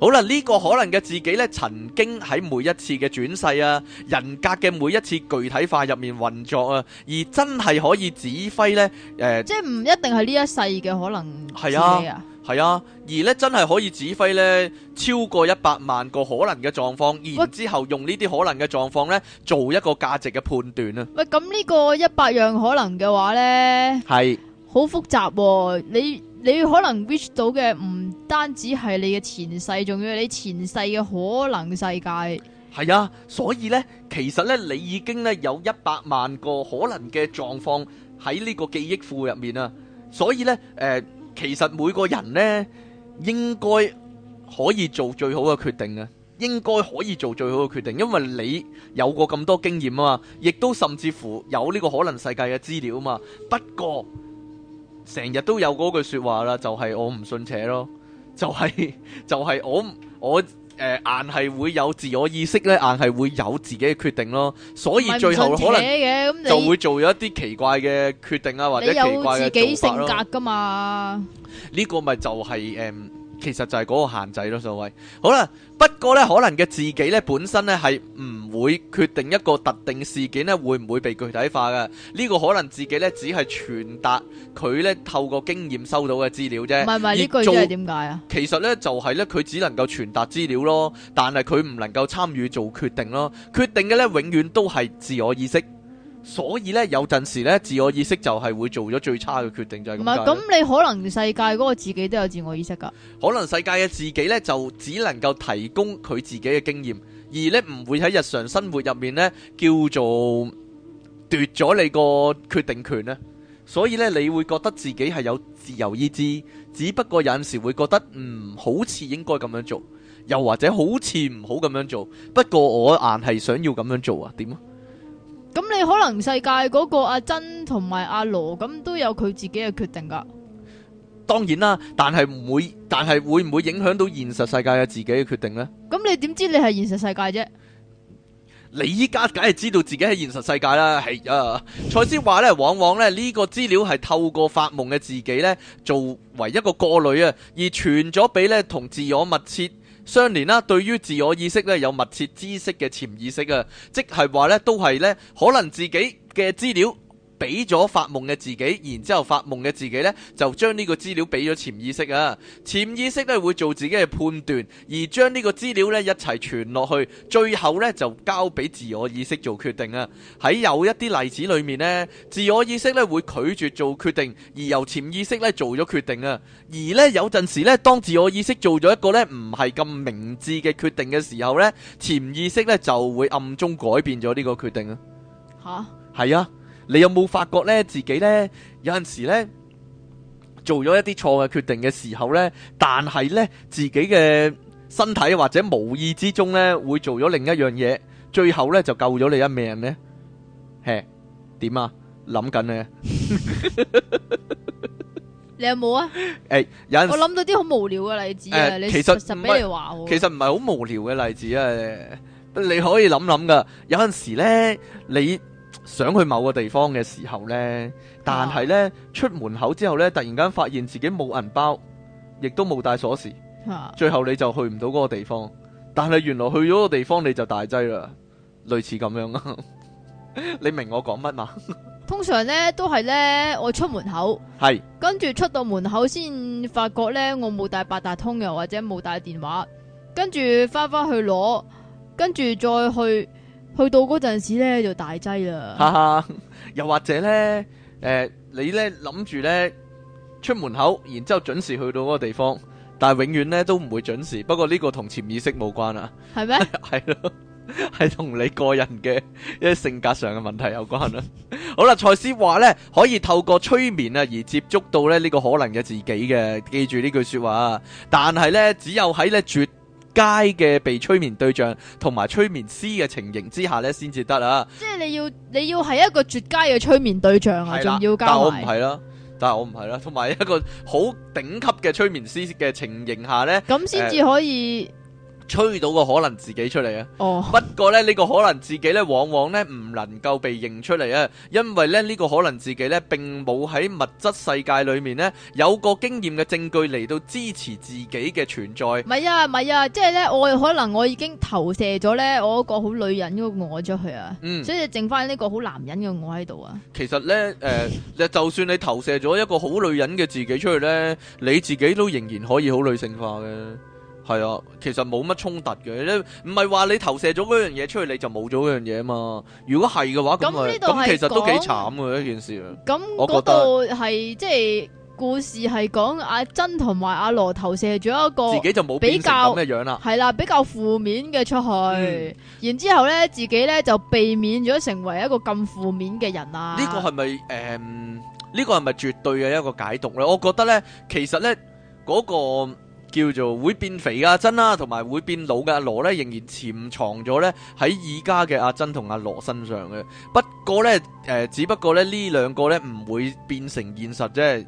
好啦，呢、這個可能嘅自己呢曾經喺每一次嘅轉世啊，人格嘅每一次具體化入面運作啊，而真係可以指揮呢，誒、呃，即係唔一定係呢一世嘅可能，係啊，係啊，啊，而呢真係可以指揮呢，超過一百萬個可能嘅狀況，然之後用呢啲可能嘅狀況呢，做一個價值嘅判斷啊。喂，咁呢個一百樣可能嘅話呢，係好是複雜、哦，你。你可能 wish 到嘅唔單止係你嘅前世，仲要你前世嘅可能世界。係啊，所以呢，其實呢，你已經咧有一百萬個可能嘅狀況喺呢個記憶庫入面啊。所以呢，誒、呃，其實每個人呢，應該可以做最好嘅決定啊，應該可以做最好嘅決定，因為你有過咁多經驗啊嘛，亦都甚至乎有呢個可能世界嘅資料啊嘛。不過，成日都有嗰句説話啦，就係、是、我唔信邪咯，就係、是、就係、是、我我誒、呃、硬係會有自我意識咧，硬係會有自己嘅決定咯，所以最後可能就會做咗一啲奇怪嘅決定啊，或者奇怪嘅性格㗎嘛。呢、這個咪就係、是、誒。嗯其實就係嗰個限制咯，所謂。好啦，不過呢，可能嘅自己呢本身呢係唔會決定一個特定事件呢會唔會被具體化嘅。呢個可能自己呢只係傳達佢呢透過經驗收到嘅資料啫。唔係唔係，呢句嘢係點解啊？做其實呢就係呢，佢只能夠傳達資料咯，但係佢唔能夠參與做決定咯。決定嘅呢永遠都係自我意識。所以咧，有陣時咧，自我意識就係會做咗最差嘅決定，就係咁。唔係，咁你可能世界嗰個自己都有自我意識噶？可能世界嘅自己咧，就只能夠提供佢自己嘅經驗，而咧唔會喺日常生活入面咧叫做奪咗你個決定權咧。所以咧，你會覺得自己係有自由意志，只不過有陣時會覺得唔、嗯、好似應該咁樣做，又或者好似唔好咁樣做。不過我硬係想要咁樣做啊？點啊？咁你可能世界嗰個阿珍同埋阿羅咁都有佢自己嘅決定噶？當然啦，但係唔會，但係會唔會影響到現實世界嘅自己嘅決定咧？咁你點知你係現實世界啫？你依家梗係知道自己係現實世界啦，係啊！蔡思話咧，往往咧呢個資料係透過發夢嘅自己咧，作為一個過濾啊，而傳咗俾咧同自我密切。相連啦，對於自我意識咧有密切知識嘅潛意識啊，即係話咧都係咧可能自己嘅資料。俾咗發夢嘅自己，然之後發夢嘅自己呢，就將呢個資料俾咗潛意識啊，潛意識呢會做自己嘅判斷，而將呢個資料呢一齊傳落去，最後呢就交俾自我意識做決定啊。喺有一啲例子裏面呢，自我意識呢會拒絕做決定，而由潛意識呢做咗決定啊。而呢，有陣時呢，當自我意識做咗一個呢唔係咁明智嘅決定嘅時候呢，潛意識呢就會暗中改變咗呢個決定啊。吓？係啊。你有冇發覺咧，自己咧有陣時咧做咗一啲錯誤決定嘅時候咧，但係咧自己嘅身體或者無意之中咧會做咗另一樣嘢，最後咧就救咗你一命咧？係點啊？諗緊咧？你有冇啊？誒，有時，我諗到啲好無聊嘅例子啊！你其實唔係，其實唔係好無聊嘅例子啊！你可以諗諗噶。有陣時咧，你想去某個地方嘅時候呢，但係呢，啊、出門口之後呢，突然間發現自己冇銀包，亦都冇帶鎖匙，啊、最後你就去唔到嗰個地方。但係原來去咗個地方你就大劑啦，類似咁樣啊！ 你明我講乜嘛？通常呢都係呢，我出門口，是跟住出到門口先發覺呢，我冇帶八達通又或者冇帶電話，跟住翻返去攞，跟住再去。去到嗰陣時咧，就大劑啦， 又或者咧，誒、呃，你咧諗住咧出門口，然之後準時去到嗰個地方，但係永遠咧都唔會準時。不過呢個同潛意識冇關啦，係咩嗎？係咯 係同你個人嘅一啲性格上嘅問題有關啦。 好啦，蔡司話咧可以透過催眠啊而接觸到咧呢個可能嘅自己嘅，記住句呢句說話，但係咧只有喺咧絕佳嘅被催眠對象同埋催眠師嘅情形之下呢，先至得啦。即係你要你要係一個絕佳嘅催眠對象啊，仲要加但我唔係啦，但係我唔係啦，同埋一個好頂級嘅催眠師嘅情形下呢，咁先至可以，呃。吹到個可能自己出嚟啊！Oh. 不過咧呢、呢個可能自己咧，往往咧唔能夠被認出嚟啊！因為咧呢、呢個可能自己咧，並冇喺物質世界裏面咧有個經驗嘅證據嚟到支持自己嘅存在。唔係啊，唔係啊，即係咧我可能我已經投射咗咧我一個好女人嘅我出去啊，所以剩翻呢個好男人嘅我喺度啊。其實咧誒，就算你投射咗一個好女人嘅自己出去咧，你自己都仍然可以好女性化嘅。係啊，其實冇乜衝突嘅，咧唔係話你投射咗嗰樣嘢出去，你就冇咗嗰樣嘢啊嘛。如果係嘅話，咁呢度其實都幾慘嘅一件事。咁、呃這個，我覺得係即係故事係講阿珍同埋阿羅投射咗一個自己就冇比較咩樣啦，係啦，比較負面嘅出去，然之後咧自己咧就避免咗成為一個咁負面嘅人啊。呢個係咪誒？呢個係咪絕對嘅一個解讀咧？我覺得咧，其實咧嗰、嗰個。叫做會變肥嘅阿珍啦、啊，同埋會變老嘅阿羅咧，仍然潛藏咗咧喺而家嘅阿珍同阿羅身上嘅。不過咧，誒、呃，只不過咧呢這兩個咧唔會變成現實啫。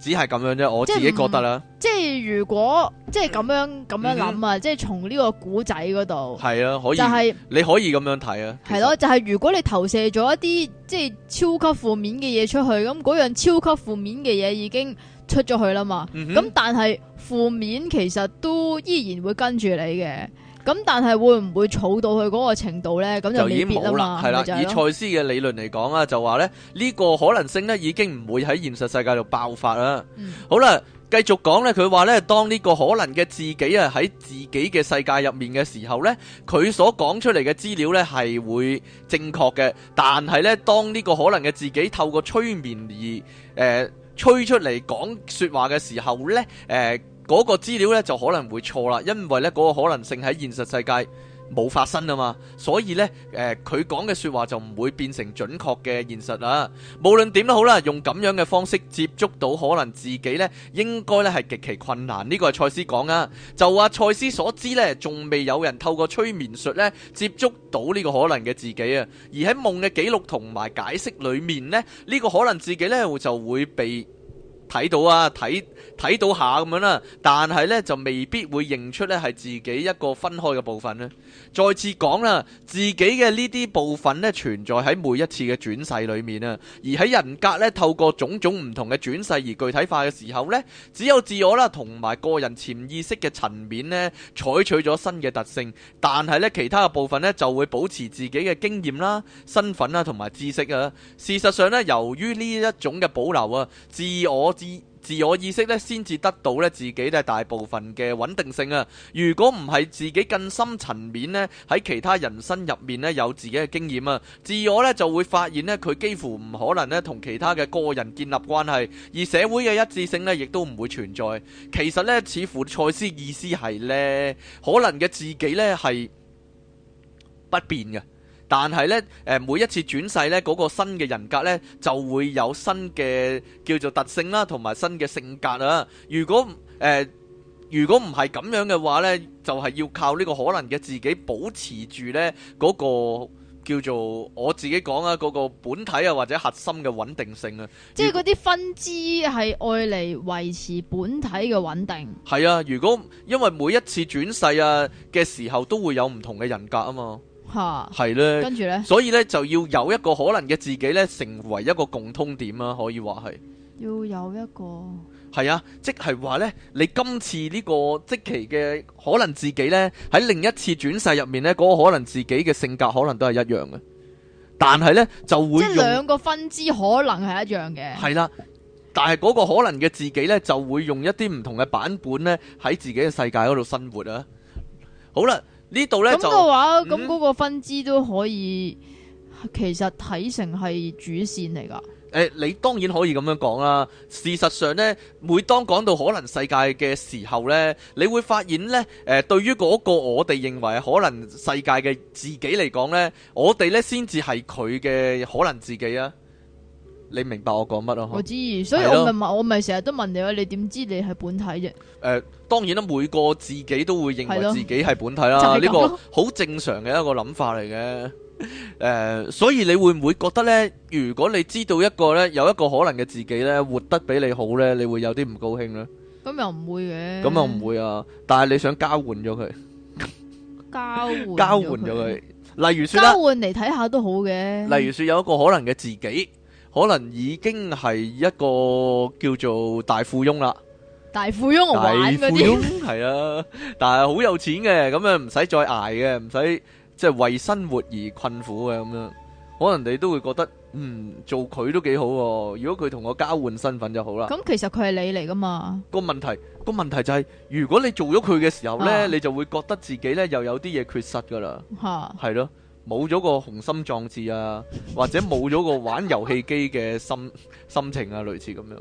只係咁樣啫，我自己覺得啦。即係如果即係咁樣咁樣諗啊，即係、嗯、哼從呢個古仔嗰度係啊，可以。就係、是、你可以咁樣睇啊。係咯、啊，就係、是、如果你投射咗一啲即係超級負面嘅嘢出去，咁嗰樣超級負面嘅嘢已經出咗去啦嘛。咁、嗯、哼但係負面其實都依然會跟住你嘅。咁但係會唔會儲到去嗰個程度呢？咁就，就已經冇啦，係啦。以賽斯嘅理論嚟講啊，就話呢呢、呢個可能性呢已經唔會喺現實世界度爆發啦。嗯、好啦，繼續講呢。佢話呢，當呢個可能嘅自己啊喺自己嘅世界入面嘅時候呢，佢所講出嚟嘅資料呢係會正確嘅，但係呢，當呢個可能嘅自己透過催眠而誒催、呃、出嚟講說話嘅時候呢。誒、呃。嗰個資料咧就可能會錯啦，因為咧嗰個可能性喺現實世界冇發生啊嘛，所以咧誒佢講嘅說話就唔會變成準確嘅現實啦。無論點都好啦，用咁樣嘅方式接觸到可能自己咧，應該咧係極其困難。呢個係賽斯講啊，就話賽斯所知咧，仲未有人透過催眠術咧接觸到呢個可能嘅自己啊。而喺夢嘅記錄同埋解釋裏面咧，呢個可能自己咧就會被。睇到啊，睇睇到下咁樣啦，但係咧就未必會認出咧係自己一個分開嘅部分咧。再次講啦，自己嘅呢啲部分咧存在喺每一次嘅轉世裏面啊，而喺人格咧透過種種唔同嘅轉世而具體化嘅時候咧，只有自我啦同埋個人潛意識嘅層面咧採取咗新嘅特性，但係咧其他嘅部分咧就會保持自己嘅經驗啦、身份啦同埋知識啊。事實上咧，由於呢一種嘅保留啊，自我。自自我意識咧，先至得到咧自己咧大部分嘅穩定性啊！如果唔係自己更深層面咧，喺其他人生入面咧有自己嘅經驗啊，自我咧就會發現咧，佢幾乎唔可能咧同其他嘅個人建立關係，而社會嘅一致性咧，亦都唔會存在。其實咧，似乎賽斯意思係咧，可能嘅自己咧係不變嘅。但係咧，誒每一次轉世咧，嗰個新嘅人格咧，就會有新嘅叫做特性啦，同埋新嘅性格啊。如果誒，如果唔係咁樣嘅話咧，就係要靠呢個可能嘅自己保持住咧嗰個叫做我自己講啊嗰個本體啊或者核心嘅穩定性啊。即係嗰啲分支係愛嚟維持本體嘅穩定。係啊，如果因為每一次轉世啊嘅時候都會有唔同嘅人格啊嘛。係咧，啊、係嘅，跟住咧，所以咧就要有一個可能嘅自己咧，成為一個共通點啦，可以話係要有一個係啊，即係話咧，即係，你今次呢個即期嘅可能自己咧，喺另一次轉世入面咧，嗰個可能自己嘅性格可能都係一樣嘅，但係咧就會用即係兩個分支可能係一樣嘅，係啦，但係嗰個可能嘅自己咧就會用一啲唔同嘅版本咧喺自己嘅世界嗰度生活啊，好啦。呢度呢咁嘅話，咁嗰個分支都可以，其實睇成係主線嚟噶。誒、呃，你當然可以咁樣講啦、啊。事實上呢，每當講到可能世界嘅時候呢，你會發現呢，誒、呃，對於嗰個我哋認為可能世界嘅自己嚟講呢，我哋呢先至係佢嘅可能自己啊。你明白我講乜咯？我知，所以我咪問，我咪成日都問你，你點知你係本體啫？誒、呃，當然啦，每個自己都會認為自己係本體啦，呢、就是、個好正常嘅一個諗法嚟嘅。誒、 呃，所以你會唔會覺得咧？如果你知道一個咧，有一個可能嘅自己咧，活得比你好咧，你會有啲唔高興咧？咁又唔會嘅，咁又唔會啊！但係你想交換咗佢， 交換交換咗佢，例如說交換嚟睇下都好嘅。例如說有一個可能嘅自己。可能已經係一個叫做大富翁啦，大，大富翁，大富翁係啊，但係好有錢嘅，咁樣唔使再挨嘅，唔使即係為生活而困苦嘅咁樣。可能你都會覺得，嗯，做佢都幾好、啊，如果佢同我交換身份就好啦。咁其實佢係你嚟噶嘛。個問題、個問題就係、是，如果你做咗佢嘅時候呢，啊、你就會覺得自己呢又有啲嘢缺失噶啦，係咯、啊。是啊冇咗個雄心壯志啊，或者冇咗個玩遊戲機嘅心 心情啊，類似咁樣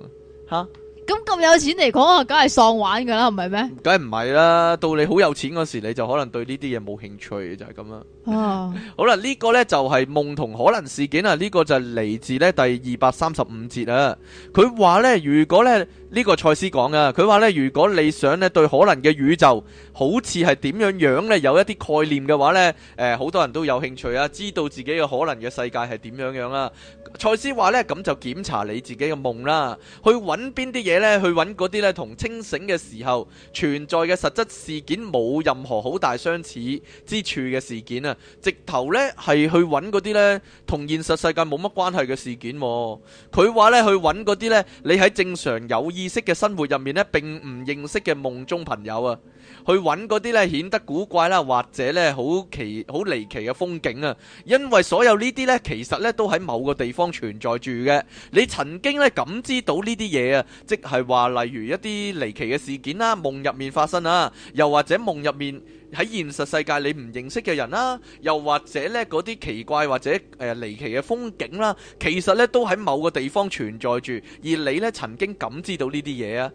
吓。咁咁有錢嚟講啊，梗係喪玩噶啦，唔係咩？梗係唔係啦。到你好有錢嗰時候，你就可能對呢啲嘢冇興趣，就係咁啦。哦、啊， 好啦，呢、這個呢就係、是、夢同可能事件、這個、啊。呢個就係嚟自呢第二百三十五節啊。佢話呢，如果呢。個呢個賽斯講啊，佢話咧，如果你想咧對可能嘅宇宙好似係點樣樣咧，有一啲概念嘅話咧，誒、呃、好多人都有興趣啊，知道自己嘅可能嘅世界係點樣樣、啊、啦。賽斯話咧，咁就檢查你自己嘅夢啦，去揾邊啲嘢咧，去揾嗰啲咧同清醒嘅時候存在嘅實質事件冇任何好大相似之處嘅事件啊，直頭咧係去揾嗰啲咧同現實世界冇乜關係嘅事件、啊。佢話咧去揾嗰啲咧，你喺正常有。意識嘅生活入面咧，並唔認識嘅夢中朋友啊，去揾嗰啲呢顯得古怪啦，或者呢好奇好離奇嘅風景啊，因為所有呢啲呢，其實呢都喺某個地方存在住嘅。你曾經呢感知到呢啲嘢啊，即係話例如一啲離奇嘅事件啦，夢入面發生啊，又或者夢入面。喺現實世界，你唔認識嘅人啦、啊，又或者呢嗰啲奇怪或者誒、呃、離奇嘅風景啦、啊，其實呢都喺某個地方存在住，而你呢曾經感知到呢啲嘢啊，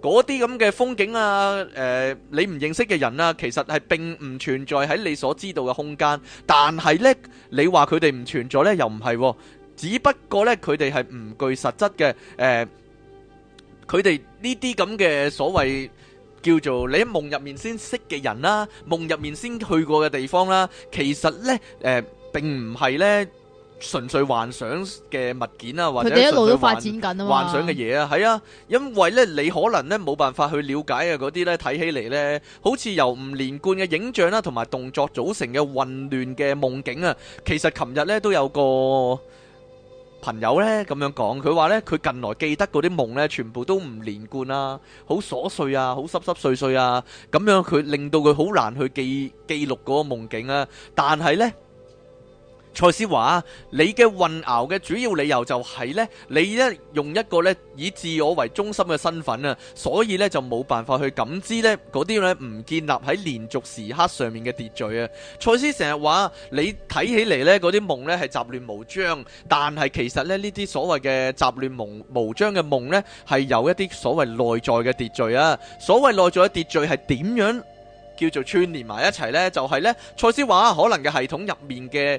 嗰啲咁嘅風景啊，誒、呃、你唔認識嘅人啊，其實係並唔存在喺你所知道嘅空間，但係呢，你話佢哋唔存在呢，又唔係、啊，只不過呢，佢哋係唔具實質嘅誒，佢哋呢啲咁嘅所謂。叫做你喺夢入面先識嘅人啦，夢入面先去過嘅地方啦，其實咧，誒，並唔係咧純粹幻想嘅物件啊，或者純粹幻，佢哋一路都發展緊，幻想嘅嘢啊，係啊，因為咧你可能咧冇辦法去了解啊嗰啲咧睇起嚟咧，好似由唔連貫嘅影像啦同埋動作組成嘅混亂嘅夢境啊，其實琴日咧都有個。朋友呢，咁樣講，佢話呢，佢近來記得嗰啲夢呢，全部都唔連貫啦，啊，好瑣碎啊，好濕濕碎碎啊，咁樣佢令到佢好難去記記錄嗰個夢境啊，但係呢。蔡思話：啊，你嘅混淆嘅主要理由就係咧，你咧用一個咧以自我為中心嘅身份啊，所以咧就冇辦法去感知咧嗰啲咧唔建立喺連續時刻上面嘅秩序啊。蔡思成日話：你睇起嚟咧嗰啲夢咧係雜亂無章，但係其實咧呢啲所謂嘅雜亂無無章嘅夢咧係有一啲所謂內在嘅秩序啊。所謂內在嘅秩序係點樣叫做串連埋一齊咧？就係咧蔡思話可能嘅系統入面嘅。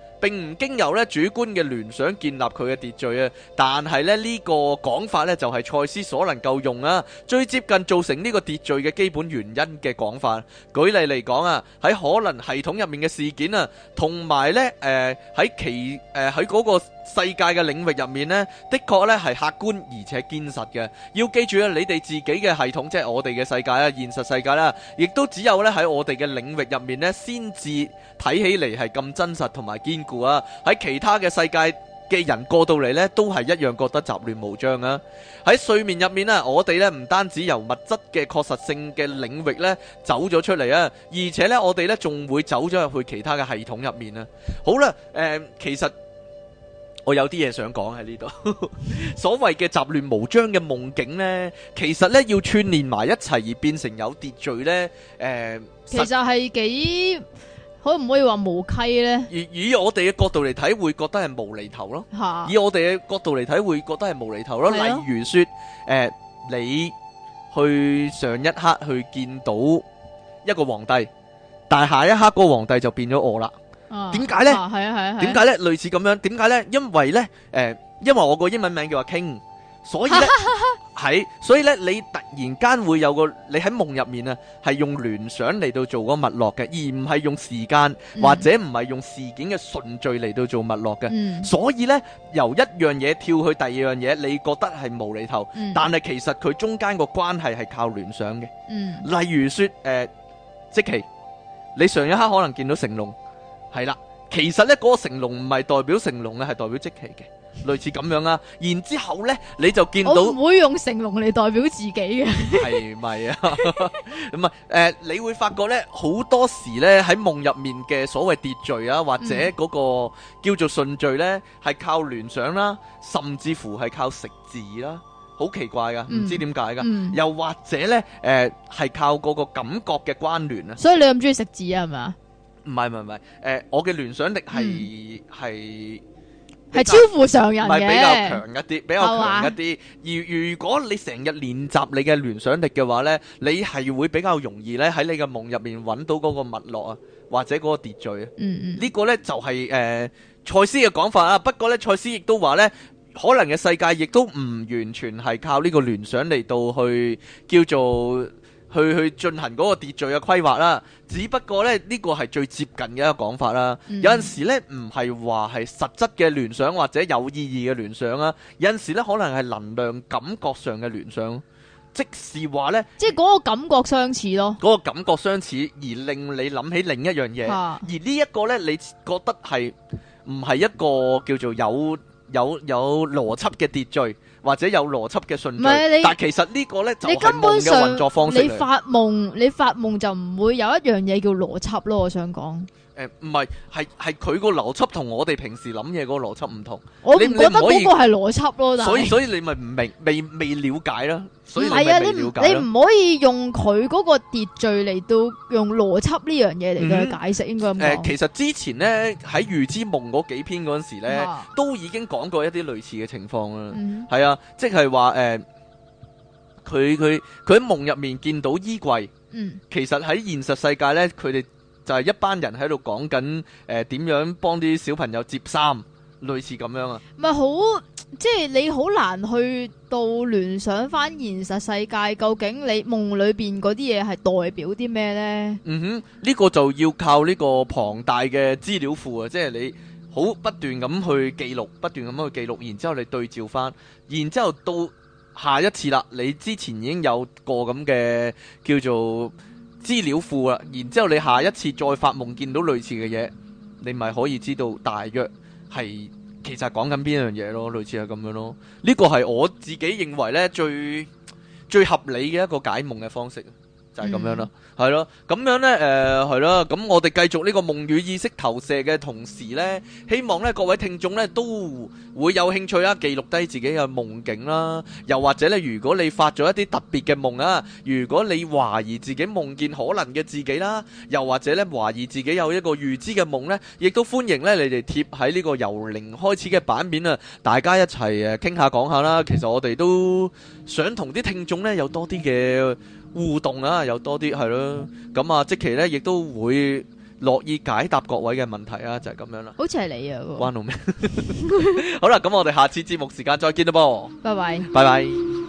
並唔經由咧主觀嘅聯想建立佢嘅秩序啊，但係咧呢個講法咧就係賽斯所能夠用啊，最接近造成呢個秩序嘅基本原因嘅講法。舉例嚟講啊，喺可能系統入面嘅事件啊，同埋咧誒喺其誒喺嗰個世界嘅領域入面呢，的確咧係客觀而且堅實嘅。要記住咧，你哋自己嘅系統，即係我哋嘅世界啦，現實世界啦，亦都只有呢喺我哋嘅領域入面呢先至睇起嚟係咁真實同埋堅固啊！喺其他嘅世界嘅人過到嚟呢，都係一樣覺得雜亂無章啊！喺睡眠入面呢，我哋呢唔單止由物質嘅確實性嘅領域呢走咗出嚟啊，而且呢，我哋呢仲會走咗入去其他嘅系統入面啊！好啦，誒、呃，其實。我有啲嘢想講，喺呢度，所謂嘅雜亂無章嘅夢境呢，其實呢要串連埋一齊而變成有秩序呢，誒，其實係幾可唔可以話無稽呢？以我哋嘅角度嚟睇，會覺得係無厘頭咯。吓，以我哋嘅角度嚟睇，會覺得係無厘頭咯。例如說，誒，你去上一刻去見到一個皇帝，但係下一刻個皇帝就變咗我啦。點解咧？係啊係啊係。點解咧？類似咁樣點解咧？因為咧，誒，因為我個英文名叫阿 King，所以咧係所以咧，你突然間會有個你喺夢入面啊，係用聯想嚟到做個脈絡嘅，而唔係用時間或者唔係用事件嘅順序嚟到做脈絡嘅。所以咧，由一樣嘢跳去第二樣嘢，你覺得係無厘頭，但係其實佢中間個關係係靠聯想嘅。例如說，誒，即其你上一刻可能見到成龍。係啦，其實咧嗰、那個成龍唔係代表成龍嘅，係代表積奇嘅，類似咁樣啊。然之後咧，你就見到我唔會用成龍嚟代表自己嘅，係咪啊？咁係誒，你會發覺咧好多時咧喺夢入面嘅所謂秩序啊，或者嗰個叫做順序咧係靠聯想啦、啊，甚至乎係靠食字啦，好奇怪噶，唔知點解噶，又或者咧誒係靠嗰個感覺嘅關聯啊。所以你咁中意食字啊？係咪、啊？唔係唔係唔係，誒、呃，我嘅聯想力係係係超乎常人係比較強一啲，比較強一啲。一啊、而如果你成日練習你嘅聯想力嘅話咧，你係會比較容易咧喺你嘅夢入面揾到嗰個脈絡啊，或者嗰個秩序啊。嗯，這個呢個咧就係誒賽斯嘅講法啊。不過咧賽斯亦都話咧，可能嘅世界亦都唔完全係靠呢個聯想嚟到去叫做。去去進行嗰個秩序嘅規劃啦，只不過咧呢個係最接近嘅一個講法啦。嗯、有陣時呢，唔係話係實質嘅聯想或者有意義嘅聯想啦，啊，有陣時呢，可能係能量感覺上嘅聯想，即是話呢，即係嗰個感覺相似咯，嗰個感覺相似而令你諗起另一樣嘢，啊，而呢一個呢，你覺得係唔係一個叫做有有有，有邏輯嘅秩序？或者有邏輯嘅信，但其實呢個呢，就係夢嘅運作方式，你根本上，你發夢，你發夢就唔會有一樣嘢叫邏輯咯，我想講。唔係，係係佢個邏輯同我哋平時諗嘢嗰個邏輯唔同。我唔覺得嗰個係邏輯咯，所以不不所以你咪唔明，未未了解咯。唔係啊，你你唔可以用佢嗰個秩序嚟到用邏輯呢樣嘢嚟去解釋，嗯、哼應該咁講。誒，其實之前咧喺《預知夢》嗰幾篇嗰陣時咧，都已經講過一啲類似嘅情況啦。係、嗯、哼啊，即係話誒，佢佢佢喺夢入面見到衣櫃，嗯，其實喺現實世界咧，佢哋。就係一班人喺度講緊，誒、呃、點樣幫啲小朋友接衫，類似咁樣啊！唔係好，即係你好難去到聯想翻現實世界，究竟你夢裏邊嗰啲嘢係代表啲咩呢？嗯哼，呢、呢個就要靠呢個龐大嘅資料庫啊！即係你好不斷咁去記錄，不斷咁去記錄，然之後你對照翻，然之後到下一次啦，你之前已經有個咁嘅叫做。資料庫啦，然之後你下一次再發夢見到類似嘅嘢，你咪可以知道大約係其實講緊邊樣嘢咯，類似係咁樣咯。呢個係我自己認為呢，最最合理嘅一個解夢嘅方式。就係咁樣咯，係咯、嗯，咁樣呢，誒、呃，係咯，咁我哋繼續呢個夢與意識投射嘅同時呢，希望呢各位聽眾呢都會有興趣啦、啊、記錄低自己嘅夢境啦，又或者呢如果你發咗一啲特別嘅夢啊，如果你懷疑自己夢見可能嘅自己啦，又或者呢懷疑自己有一個預知嘅夢呢，亦都歡迎呢你哋貼喺呢個由零開始嘅版面啊，大家一齊誒傾下講下啦。其實我哋都想同啲聽眾呢有多啲嘅。互動啊，又多啲係咯，咁、嗯、啊即期咧亦都會樂意解答各位嘅問題啊，就係、是、咁樣啦。好似係你啊，關好啦，咁我哋下次節目時間再見啦噃 bye。拜拜 bye。拜拜。